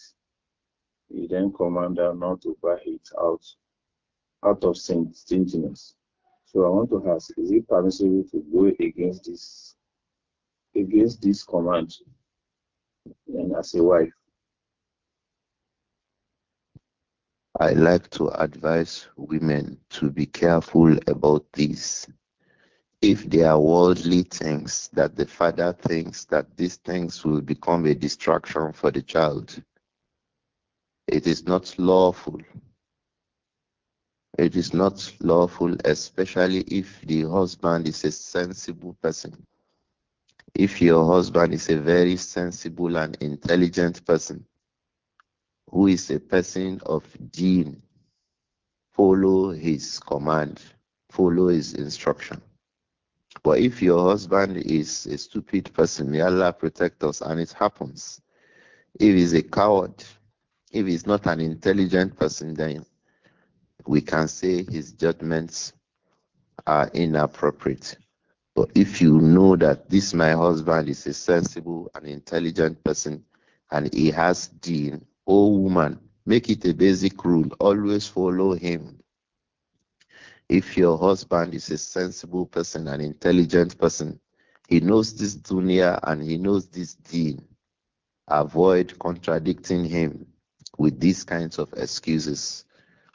he then commands her not to buy it out out of stinginess. So I want to ask, is it permissible to go against this against this command and as a wife. I like to advise women to be careful about this. If there are worldly things that the father thinks that these things will become a distraction for the child, it is not lawful. It is not lawful, especially if the husband is a sensible person if your husband is a very sensible and intelligent person, who is a person of deen, follow his command, follow his instruction. But if your husband is a stupid person, may Allah protect us, and it happens. If he's a coward, if he's not an intelligent person, then we can say his judgments are inappropriate. But if you know that this my husband is a sensible and intelligent person and he has deen, oh woman, make it a basic rule. Always follow him. If your husband is a sensible person, an intelligent person, he knows this dunya and he knows this deen. Avoid contradicting him with these kinds of excuses.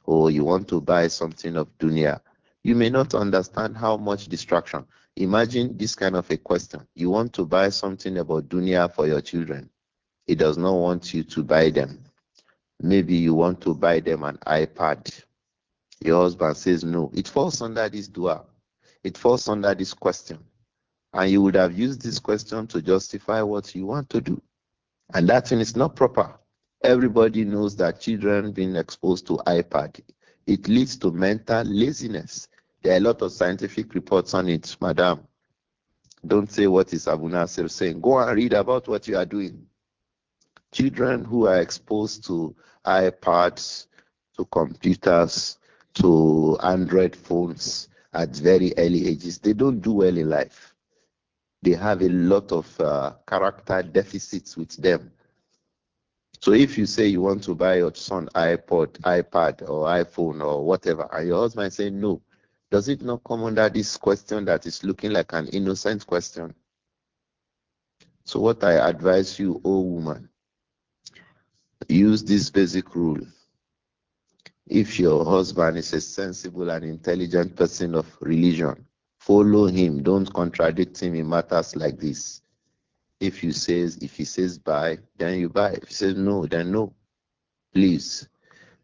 Or oh, you want to buy something of dunya. You may not understand how much distraction. Imagine this kind of a question. You want to buy something about dunya for your children. It does not want you to buy them. Maybe you want to buy them an iPad. Your husband says no. It falls under this dua. It falls under this question. And you would have used this question to justify what you want to do. And that thing is not proper. Everybody knows that children being exposed to iPad, it leads to mental laziness there are a lot of scientific reports on it, madam. Don't say what is Abu Nasir saying. Go and read about what you are doing. Children who are exposed to iPads, to computers, to Android phones at very early ages, they don't do well in life. They have a lot of uh, character deficits with them. So if you say you want to buy your son iPod, iPad, or iPhone, or whatever, and your husband say no, does it not come under this question that is looking like an innocent question? So, what I advise you, O oh woman, use this basic rule. If your husband is a sensible and intelligent person of religion, follow him. Don't contradict him in matters like this. If he says if he says buy, then you buy. If he says no, then no. Please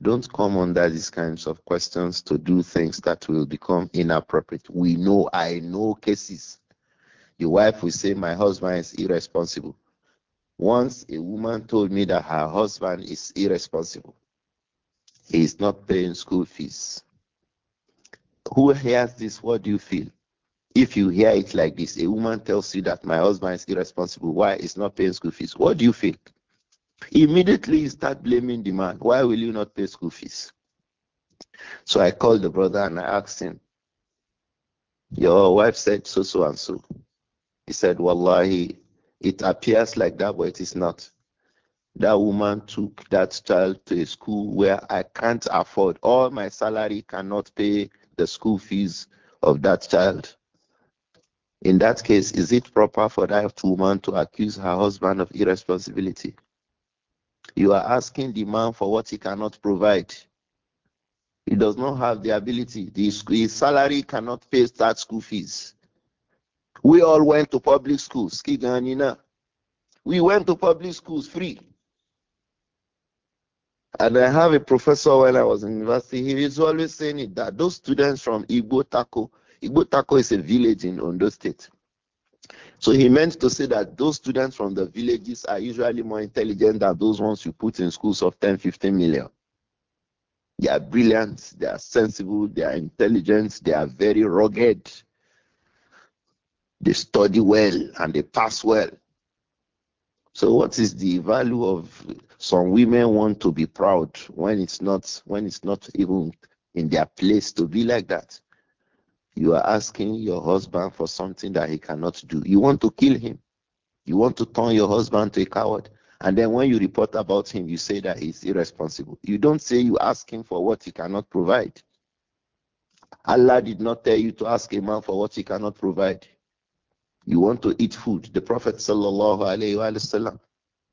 don't come under these kinds of questions to do things that will become inappropriate. We know, I know cases. The wife will say, My husband is irresponsible. Once a woman told me that her husband is irresponsible, he is not paying school fees. Who hears this? What do you feel? If you hear it like this, a woman tells you that my husband is irresponsible, why is not paying school fees? What do you feel? Immediately you start blaming the man. Why will you not pay school fees? So I called the brother and I asked him, Your wife said so, so, and so. He said, Wallahi, it appears like that, but it is not. That woman took that child to a school where I can't afford. All my salary cannot pay the school fees of that child. In that case, is it proper for that woman to accuse her husband of irresponsibility? You are asking the man for what he cannot provide. He does not have the ability. His, salary cannot pay start school fees. We all went to public schools, We went to public schools free. And I have a professor when I was in university, he is always saying it, that those students from Igbo Tako, Igbo Tako is a village in Ondo State. So he meant to say that those students from the villages are usually more intelligent than those ones you put in schools of 10, 15 million. They are brilliant, they are sensible, they are intelligent, they are very rugged. They study well and they pass well. So what is the value of some women want to be proud when it's not when it's not even in their place to be like that? You are asking your husband for something that he cannot do. You want to kill him. You want to turn your husband to a coward. And then when you report about him, you say that he's irresponsible. You don't say you ask him for what he cannot provide. Allah did not tell you to ask a man for what he cannot provide. You want to eat food. The Prophet sallallahu alaihi wasallam,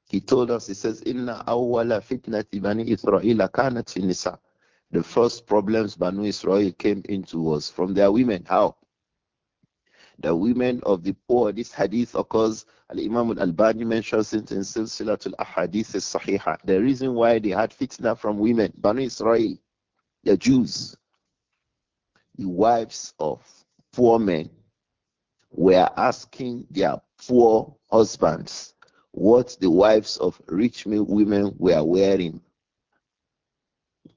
he told us, he says, "Inna awwala fitnati bani Israel kanat nisa." The first problems Banu Israel came into was from their women. How? The women of the poor. This hadith occurs, Al Imam Al Albani mentions it in Silsilatul Ahadith al Sahiha. The reason why they had fitna from women, Banu Israel, the Jews, the wives of poor men, were asking their poor husbands what the wives of rich women were wearing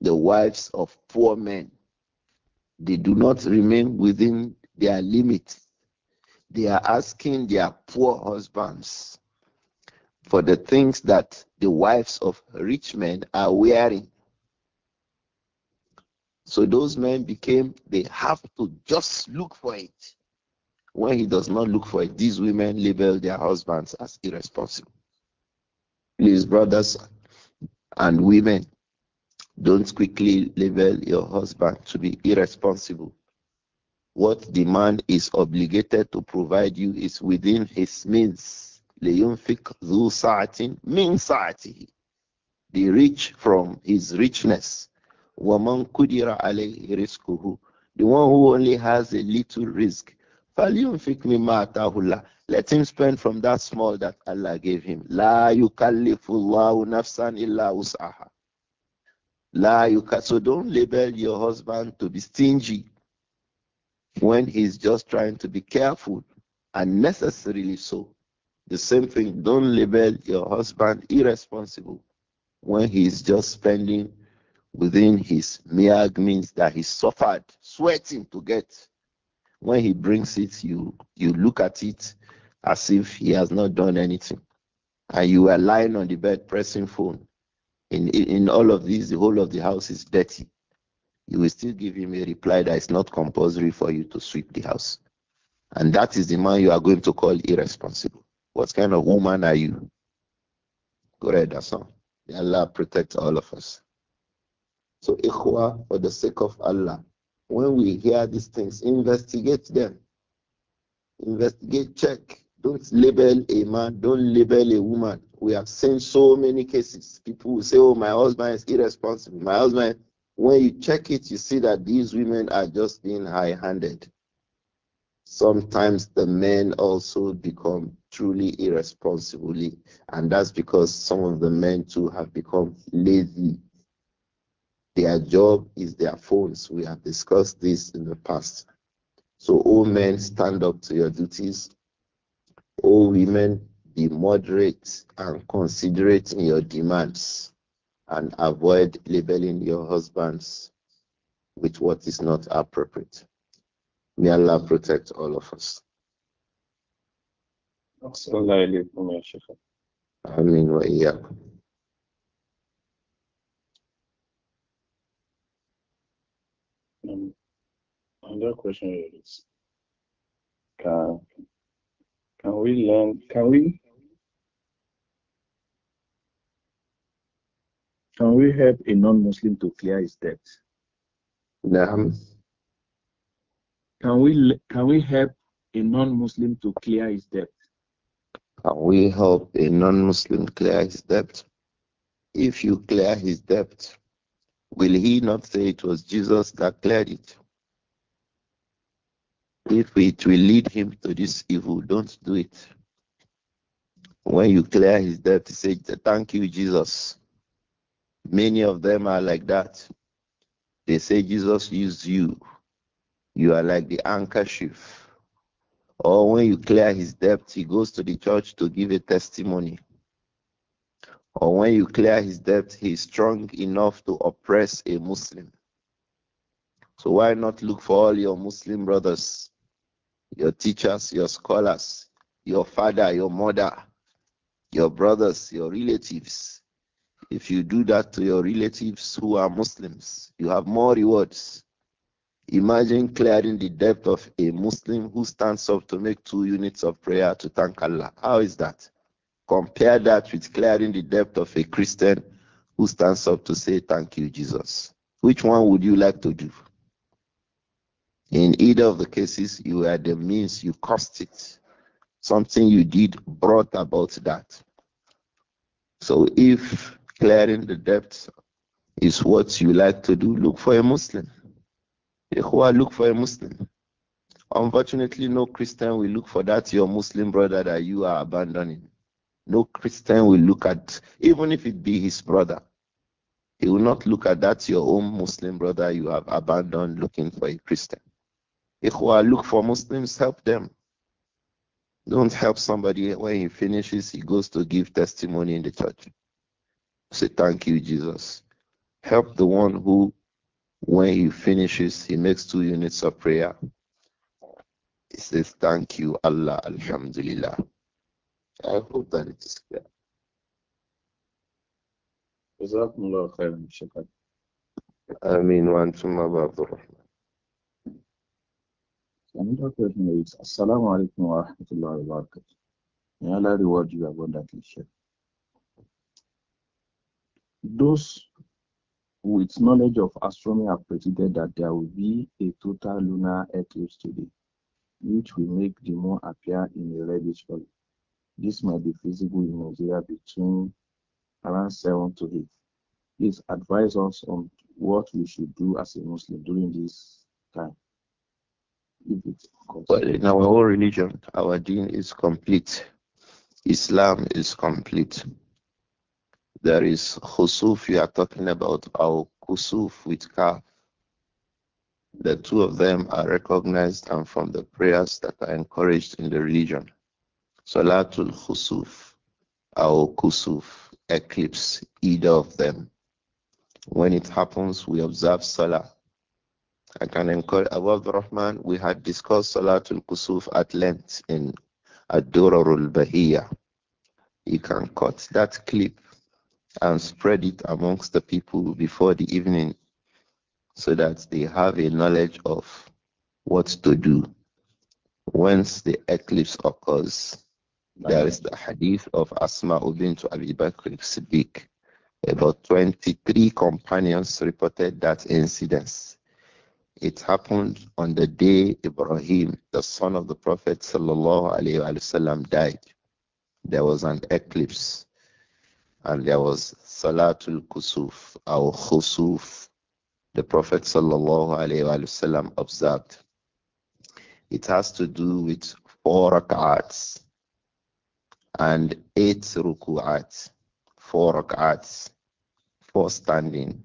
the wives of poor men. They do not remain within their limits. They are asking their poor husbands for the things that the wives of rich men are wearing. So those men became, they have to just look for it. When he does not look for it, these women label their husbands as irresponsible. Please, brothers and women, don't quickly label your husband to be irresponsible. What the man is obligated to provide you is within his means. the rich from his richness. The one who only has a little risk. Let him spend from that small that Allah gave him. La يُكَلِّفُ اللَّهُ La So don't label your husband to be stingy when he's just trying to be careful and necessarily so. The same thing, don't label your husband irresponsible when he's just spending within his mere means that he suffered, sweating to get. When he brings it, you you look at it as if he has not done anything. And you are lying on the bed pressing phone in, in all of these, the whole of the house is dirty. You will still give him a reply that it's not compulsory for you to sweep the house. And that is the man you are going to call irresponsible. What kind of woman are you? Go ahead, Hassan. Allah protect all of us. So, ikhwa, for the sake of Allah, when we hear these things, investigate them. Investigate, check. Don't label a man, don't label a woman. We have seen so many cases. People will say, Oh, my husband is irresponsible. My husband, when you check it, you see that these women are just being high handed. Sometimes the men also become truly irresponsibly, and that's because some of the men too have become lazy. Their job is their phones. We have discussed this in the past. So, all oh, men, stand up to your duties. All oh, women, be moderate and considerate in your demands and avoid labeling your husbands with what is not appropriate. May Allah protect all of us. Ameen wa um, Another question is, can, can we learn, can we Can we help a non Muslim to clear his debt? No. Can we can we help a non Muslim to clear his debt? Can we help a non Muslim clear his debt? If you clear his debt, will he not say it was Jesus that cleared it? If it will lead him to this evil, don't do it. When you clear his debt, say, Thank you, Jesus. Many of them are like that. They say Jesus used you. You are like the anchor ship. Or when you clear his debt, he goes to the church to give a testimony. Or when you clear his debt, he is strong enough to oppress a Muslim. So why not look for all your Muslim brothers, your teachers, your scholars, your father, your mother, your brothers, your relatives, if you do that to your relatives who are Muslims, you have more rewards. Imagine clearing the debt of a Muslim who stands up to make two units of prayer to thank Allah. How is that? Compare that with clearing the debt of a Christian who stands up to say, Thank you, Jesus. Which one would you like to do? In either of the cases, you had the means, you caused it. Something you did brought about that. So if clearing the debts is what you like to do, look for a Muslim. Ikhwa, look for a Muslim. Unfortunately, no Christian will look for that your Muslim brother that you are abandoning. No Christian will look at, even if it be his brother, he will not look at that your own Muslim brother you have abandoned looking for a Christian. Ikhwa, look for Muslims, help them. Don't help somebody when he finishes, he goes to give testimony in the church. Say, Thank you, Jesus. Help the one who, when he finishes, he makes two units of prayer. He says, Thank you, Allah, Alhamdulillah. I hope that it is clear. جزاكم الله خيرا شكرا امين وانتم ابا عبد الرحمن Another question is Assalamu alaikum wa rahmatullahi wa barakatuh. May Allah reward you abundantly, Sheikh. Those with knowledge of astronomy have predicted that there will be a total lunar eclipse today, which will make the moon appear in a reddish color. This might be visible in Nigeria between around 7 to 8. Please advise us on what we should do as a Muslim during this time. Well, in our whole religion, our deen is complete. Islam is complete. There is khusuf you are talking about, Al kusuf with kaf. The two of them are recognized and from the prayers that are encouraged in the religion. Salatul khusuf Al kusuf, eclipse, either of them. When it happens, we observe salah. I can encourage Abu Rahman, we had discussed Salatul Kusuf at length in Adurarul Bahiyya. You can cut that clip and spread it amongst the people before the evening so that they have a knowledge of what to do. Once the eclipse occurs, there is the hadith of Asma ibn to Abi Bakr Siddiq. About 23 companions reported that incident. It happened on the day Ibrahim, the son of the Prophet, وسلم, died. There was an eclipse and there was Salatul Kusuf or Khusuf. The Prophet وسلم, observed. It has to do with four rak'ats and eight ruku'ats, four rak'ats, four standing,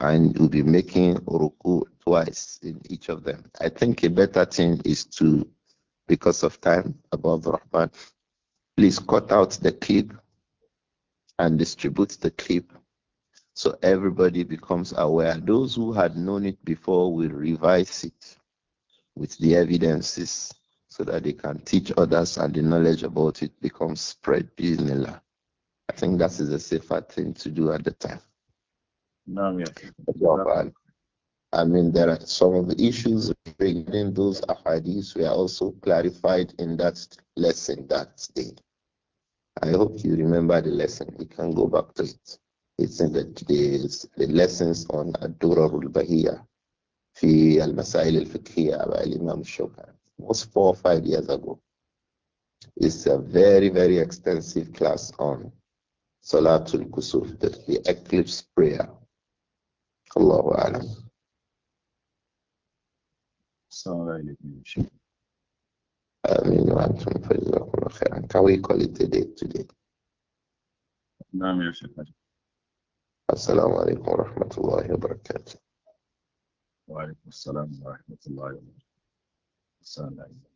and you'll be making ruku twice in each of them. I think a better thing is to, because of time, above Rahman, please cut out the clip and distributes the clip so everybody becomes aware. Those who had known it before will revise it with the evidences so that they can teach others and the knowledge about it becomes spread. I think that is a safer thing to do at the time. No, I mean, there are some of the issues regarding those ahadiths were also clarified in that lesson that day. I hope you remember the lesson. You can go back to it. It's in the, the, the lessons on ad fi al Masail al المسائل by Imam Shokan. four or five years ago. It's a very, very extensive class on Salatul Kusuf, the, the eclipse prayer. Allahu Alam. Assalamu alaikum. امين وانتم فجزاكم الله خيرا can we call it a day today نعم يا شيخ السلام عليكم ورحمة الله وبركاته وعليكم السلام ورحمة الله وبركاته السلام عليكم